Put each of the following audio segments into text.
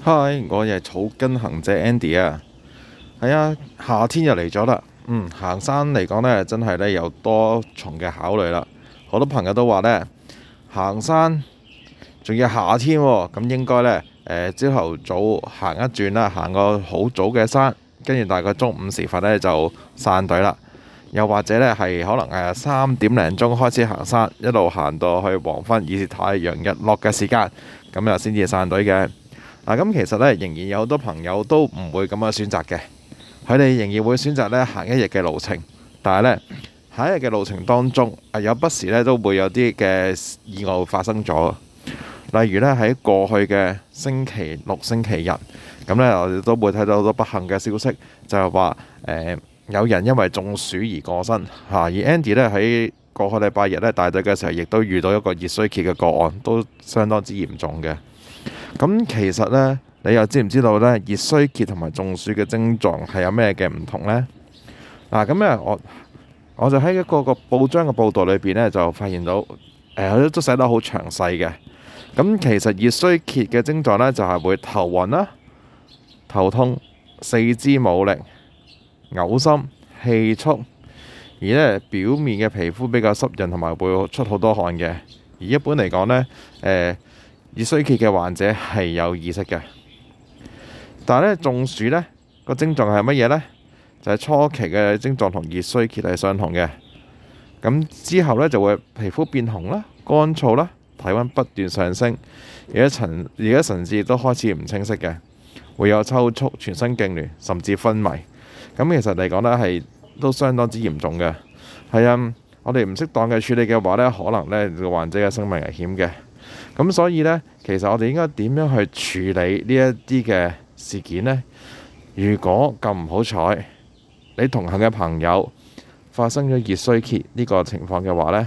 嗨，Hi, 我係草根行者 Andy 啊。係、哎、啊，夏天又嚟咗啦。嗯，行山嚟講呢，真係呢有多重嘅考慮啦。好多朋友都話呢，行山仲要夏天、哦，咁應該呢誒，朝、呃、頭早行一轉啦，行個好早嘅山，跟住大概中午時分呢就散隊啦。又或者呢，係可能誒三點零鐘開始行山，一路行到去黃昏，以至太陽日落嘅時間，咁又先至散隊嘅。嗱，咁、啊、其實咧，仍然有好多朋友都唔會咁樣選擇嘅，佢哋仍然會選擇咧行一日嘅路程，但係咧，喺一日嘅路程當中，啊、有不時咧都會有啲嘅意外發生咗。例如咧，喺過去嘅星期六、星期日，咁咧我哋都會睇到好多不幸嘅消息，就係話誒有人因為中暑而過身嚇、啊，而 Andy 咧喺過去禮拜日咧大隊嘅時候，亦都遇到一個熱衰竭嘅個案，都相當之嚴重嘅。咁其實呢，你又知唔知道呢，熱衰竭同埋中暑嘅症狀係有咩嘅唔同呢？嗱，咁呢，我我就喺一個一個報章嘅報道裏邊呢，就發現到誒、呃，都寫得好詳細嘅。咁其實熱衰竭嘅症狀呢，就係、是、會頭暈啦、頭痛、四肢冇力、嘔心、氣促，而呢表面嘅皮膚比較濕潤，同埋會出好多汗嘅。而一般嚟講呢。呃熱衰竭嘅患者係有意識嘅，但係呢，中暑呢個症狀係乜嘢呢？就係初期嘅症狀同熱衰竭係相同嘅，咁之後呢，就會皮膚變紅啦、乾燥啦、體温不斷上升，而家神而家神志都開始唔清晰嘅，會有抽搐、全身痙攣甚至昏迷。咁其實嚟講呢，係都相當之嚴重嘅。係啊，我哋唔適當嘅處理嘅話呢，可能呢個患者嘅生命危險嘅。咁所以咧，其實我哋應該點樣去處理呢一啲嘅事件咧？如果咁唔好彩，你同行嘅朋友發生咗熱衰竭呢個情況嘅話咧，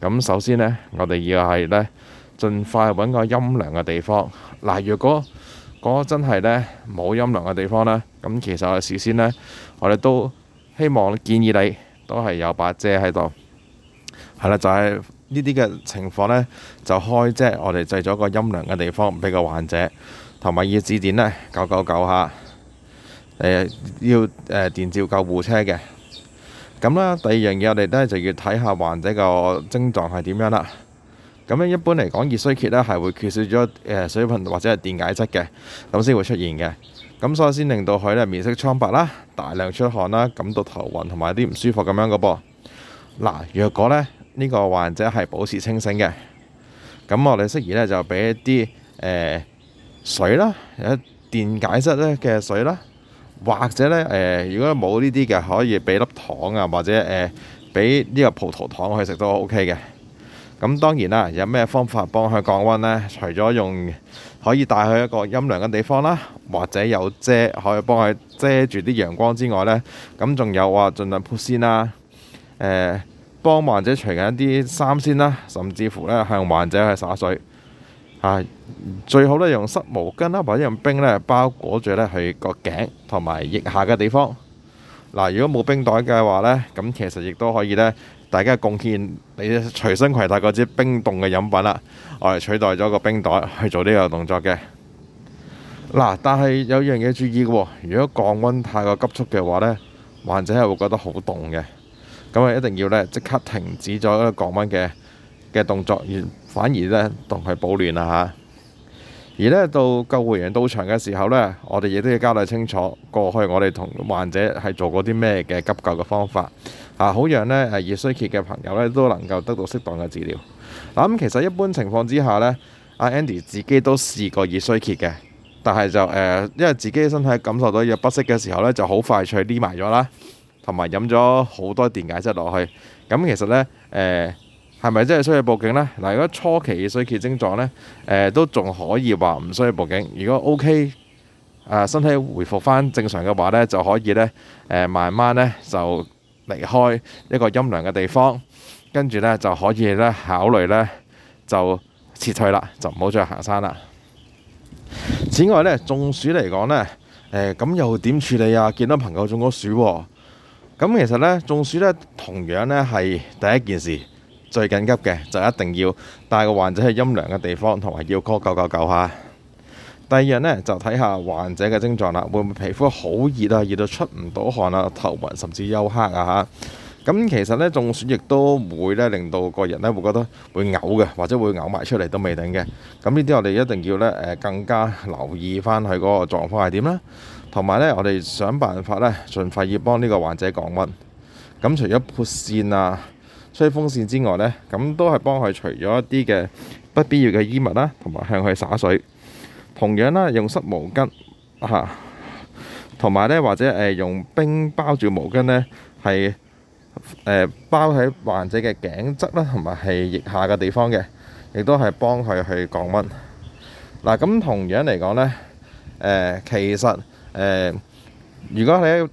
咁首先咧，我哋要係咧，盡快揾個陰涼嘅地方。嗱，如果嗰個真係咧冇陰涼嘅地方咧，咁其實我哋事先咧，我哋都希望建議你都係有把遮喺度，係啦，就係。呢啲嘅情況呢，就開遮，我哋製咗個陰涼嘅地方俾個患者，同埋要指點呢，九九九下，要誒電召救護車嘅。咁啦，第二樣嘢我哋咧就要睇下患者個症狀係點樣啦。咁咧一般嚟講，熱衰竭呢係會缺少咗水分或者係電解質嘅，咁先會出現嘅。咁所以先令到佢呢面色蒼白啦，大量出汗啦，感到頭暈同埋啲唔舒服咁樣嘅噃。嗱，若果呢。呢個患者係保持清醒嘅，咁我哋適宜呢就俾一啲誒、呃、水啦，有電解質咧嘅水啦，或者呢，誒、呃，如果冇呢啲嘅，可以俾粒糖啊，或者誒俾呢個葡萄糖去食都 OK 嘅。咁當然啦，有咩方法幫佢降温呢？除咗用可以帶去一個陰涼嘅地方啦，或者有遮可以幫佢遮住啲陽光之外呢，咁仲有話、啊、盡量鋪先啦，呃幫患者除緊一啲衫先啦，甚至乎呢，向患者去灑水。啊，最好呢，用濕毛巾啦，或者用冰呢，包裹住呢，佢個頸同埋腋下嘅地方。嗱、啊，如果冇冰袋嘅話呢，咁其實亦都可以呢，大家嘅貢獻，你隨身攜帶嗰支冰凍嘅飲品啦，我哋取代咗個冰袋去做呢個動作嘅。嗱、啊，但係有樣嘢注意嘅喎，如果降温太過急促嘅話呢，患者係會覺得好凍嘅。咁啊，一定要咧即刻停止咗嗰個降溫嘅嘅動作，而反而咧同佢保暖啦嚇、啊。而呢，到救護員到場嘅時候呢，我哋亦都要交代清楚過去我哋同患者係做過啲咩嘅急救嘅方法，啊，好讓咧熱衰竭嘅朋友呢，都能夠得到適當嘅治療。嗱、啊、咁其實一般情況之下呢，阿 Andy 自己都試過熱衰竭嘅，但係就誒、呃，因為自己身體感受到有不適嘅時候呢，就好快脆匿埋咗啦。同埋飲咗好多電解質落去，咁其實呢，誒係咪真係需要報警呢？嗱，如果初期熱衰竭症狀呢，呃、都仲可以話唔需要報警。如果 OK，身體恢復返正常嘅話呢，就可以呢、呃，慢慢呢，就離開一個陰涼嘅地方，跟住呢，就可以呢考慮呢，就撤退啦，就唔好再行山啦。此外呢，中暑嚟講呢，誒、呃、咁又點處理啊？見到朋友中咗暑喎。咁其實呢，中暑呢同樣呢係第一件事最緊急嘅就一定要帶個患者去陰涼嘅地方，同埋要 call 999嚇。第二樣呢，就睇下患者嘅症狀啦，會唔會皮膚好熱啊，熱到出唔到汗啊，頭暈甚至休克啊嚇。咁其實呢，中暑亦都唔會呢令到個人呢會覺得會嘔嘅，或者會嘔埋出嚟都未定嘅。咁呢啲我哋一定要呢誒更加留意返佢嗰個狀況係點啦。同埋呢，我哋想辦法呢，盡快要幫呢個患者降溫。咁除咗撥扇啊、吹風扇之外呢，咁都係幫佢除咗一啲嘅不必要嘅衣物啦，同埋向佢灑水。同樣啦，用濕毛巾吓，同埋呢或者誒用冰包住毛巾呢，係誒包喺患者嘅頸側啦，同埋係腋下嘅地方嘅，亦都係幫佢去降溫。嗱咁同樣嚟講呢，誒其實。誒、呃，如果你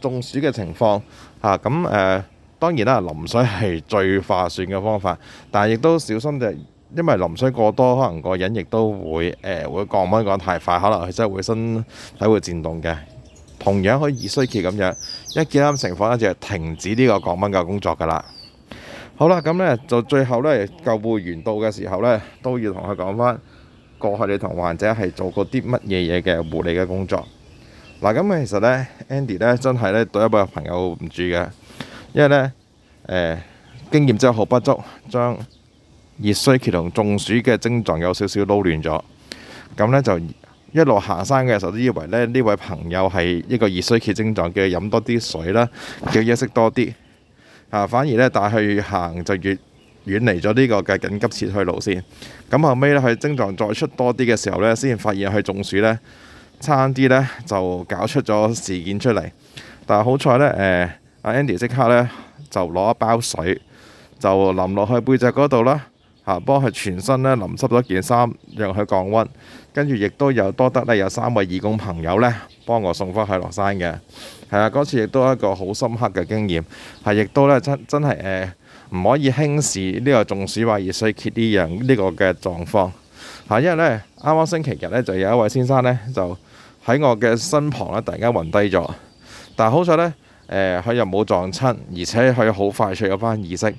中暑嘅情況下，咁、啊、誒、呃、當然啦，淋水係最化算嘅方法，但係亦都小心啲，因為淋水過多，可能個人亦都會誒、呃、會降温降得太快，可能真係會身體會震動嘅。同樣可以熱衰竭咁樣，一見啱情況咧就停止呢個降温嘅工作㗎啦。好啦，咁咧就最後咧，救護員到嘅時候咧，都要同佢講翻過去你同患者係做過啲乜嘢嘢嘅護理嘅工作。嗱，咁其實呢 Andy 呢真係呢對一位朋友唔住嘅，因為呢誒、呃、經驗真係好不足，將熱衰竭同中暑嘅症狀有少少撈亂咗。咁呢，就一路行山嘅時候，就以為呢呢位朋友係一個熱衰竭症狀嘅，飲多啲水啦，叫嘢食多啲啊，反而呢帶佢行就越遠離咗呢個嘅緊急撤退路線。咁後尾呢，佢症狀再出多啲嘅時候呢，先發現佢中暑呢。差啲呢，就搞出咗事件出嚟，但係好彩呢阿、啊、Andy 即刻呢，就攞一包水就淋落去背脊嗰度啦，吓幫佢全身呢淋濕咗件衫，讓佢降溫。跟住亦都有多得呢，有三位義工朋友呢幫我送翻去落山嘅。係啊，嗰次亦都一個好深刻嘅經驗，係亦都呢，真真係誒唔可以輕視呢個中暑或熱衰竭呢樣呢個嘅狀況。吓、這個，因為呢啱啱星期日呢，就有一位先生呢就。喺我嘅身旁咧，突然間暈低咗。但係好彩呢，佢、呃、又冇撞親，而且佢好快速有返意識。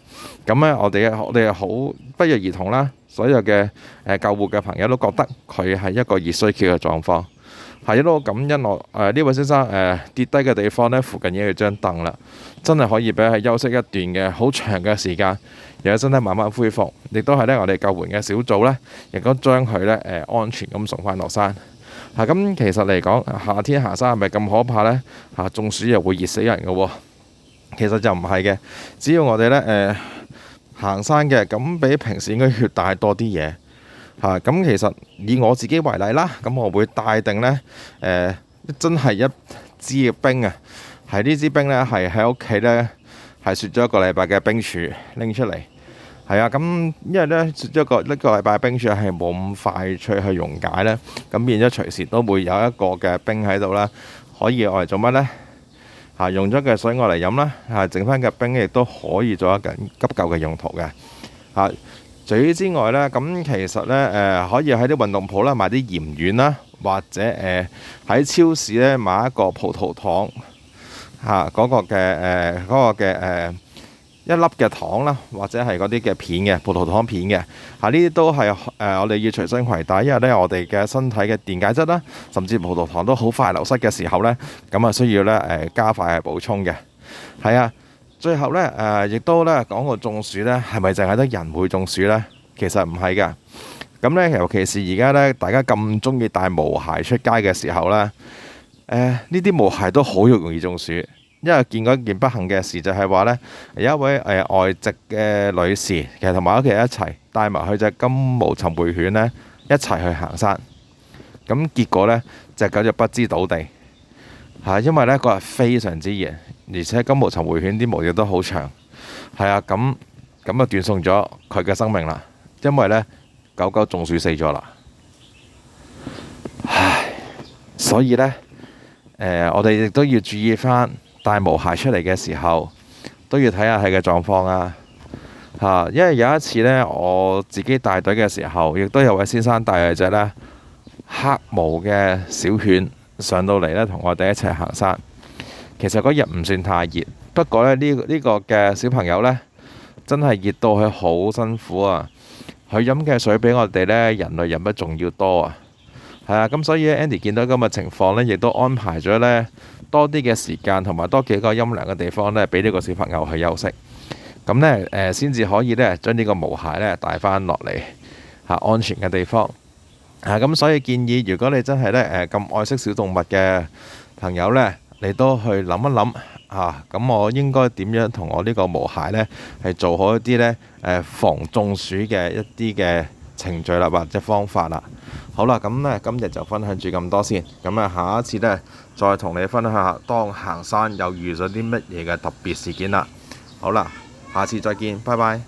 咁呢，我哋我哋好不約而同啦，所有嘅、呃、救護嘅朋友都覺得佢係一個熱衰竭嘅狀況。係一路感恩落。呢、呃、位先生、呃、跌低嘅地方呢，附近已經有一張凳啦，真係可以俾佢休息一段嘅好長嘅時間，讓佢身體慢慢恢復。亦都係呢，我哋救援嘅小組呢，亦都將佢呢、呃、安全咁送返落山。吓咁、啊，其實嚟講，夏天行山係咪咁可怕呢？吓、啊、中暑又會熱死人㗎、啊。其實就唔係嘅，只要我哋呢，誒、呃、行山嘅咁，比平時應該血帶多啲嘢吓。咁、啊啊、其實以我自己為例啦，咁我會帶定呢，誒、呃、真係一支嘅冰啊，係呢支冰呢，係喺屋企呢，係雪咗一個禮拜嘅冰柱拎出嚟。係啊，咁因為咧一個一個禮拜冰水係冇咁快脆去溶解咧，咁變咗隨時都會有一個嘅冰喺度啦。可以攞嚟做乜咧？嚇，用咗嘅水我嚟飲啦，嚇剩翻嘅冰亦都可以做一個急救嘅用途嘅。嚇，除此之外咧，咁其實咧誒可以喺啲運動鋪啦買啲鹽丸啦，或者誒喺超市咧買一個葡萄糖嚇嗰個嘅誒嗰個嘅誒。一粒嘅糖啦，或者係嗰啲嘅片嘅葡萄糖片嘅，嚇呢啲都係誒我哋要隨身攜帶，因為咧我哋嘅身體嘅電解質啦，甚至葡萄糖都好快流失嘅時候咧，咁啊需要咧誒加快去補充嘅。係啊，最後咧誒亦都咧講個中暑咧，係咪淨係得人會中暑咧？其實唔係㗎，咁咧尤其是而家咧大家咁中意帶毛孩出街嘅時候咧，誒呢啲毛孩都好容易中暑。因為見過一件不幸嘅事，就係話呢，有一位外籍嘅女士，其實同埋屋企人一齊帶埋佢隻金毛尋回犬呢，一齊去行山。咁結果呢，隻狗就是、不知倒地，吓，因為呢，嗰日非常之熱，而且金毛尋回犬啲毛亦都好長，係啊，咁咁啊斷送咗佢嘅生命啦。因為呢，狗狗中暑死咗啦。唉，所以呢，呃、我哋亦都要注意返。帶毛孩出嚟嘅時候都要睇下佢嘅狀況啊！嚇，因為有一次呢，我自己帶隊嘅時候，亦都有位先生帶住隻呢黑毛嘅小犬上到嚟呢，同我哋一齊行山。其實嗰日唔算太熱，不過呢呢、呢、呢個嘅、呢個、小朋友呢，真係熱到佢好辛苦啊！佢飲嘅水比我哋呢人類飲得仲要多啊！係啊，咁所以呢 Andy 見到今日情況呢，亦都安排咗呢。多啲嘅時間同埋多幾個陰涼嘅地方咧，俾呢個小朋友去休息。咁呢，誒、呃，先至可以咧，將呢個毛孩咧帶返落嚟嚇安全嘅地方嚇。咁、啊、所以建議，如果你真係咧誒咁愛惜小動物嘅朋友呢，你都去諗一諗嚇。咁、啊、我應該點樣同我呢個毛孩呢，係做好一啲呢防中暑嘅一啲嘅程序啦，或者方法啦。好啦，咁呢，今日就分享住咁多先。咁啊，下一次呢。再同你分享下，當行山又遇咗啲乜嘢嘅特別事件啦。好啦，下次再見，拜拜。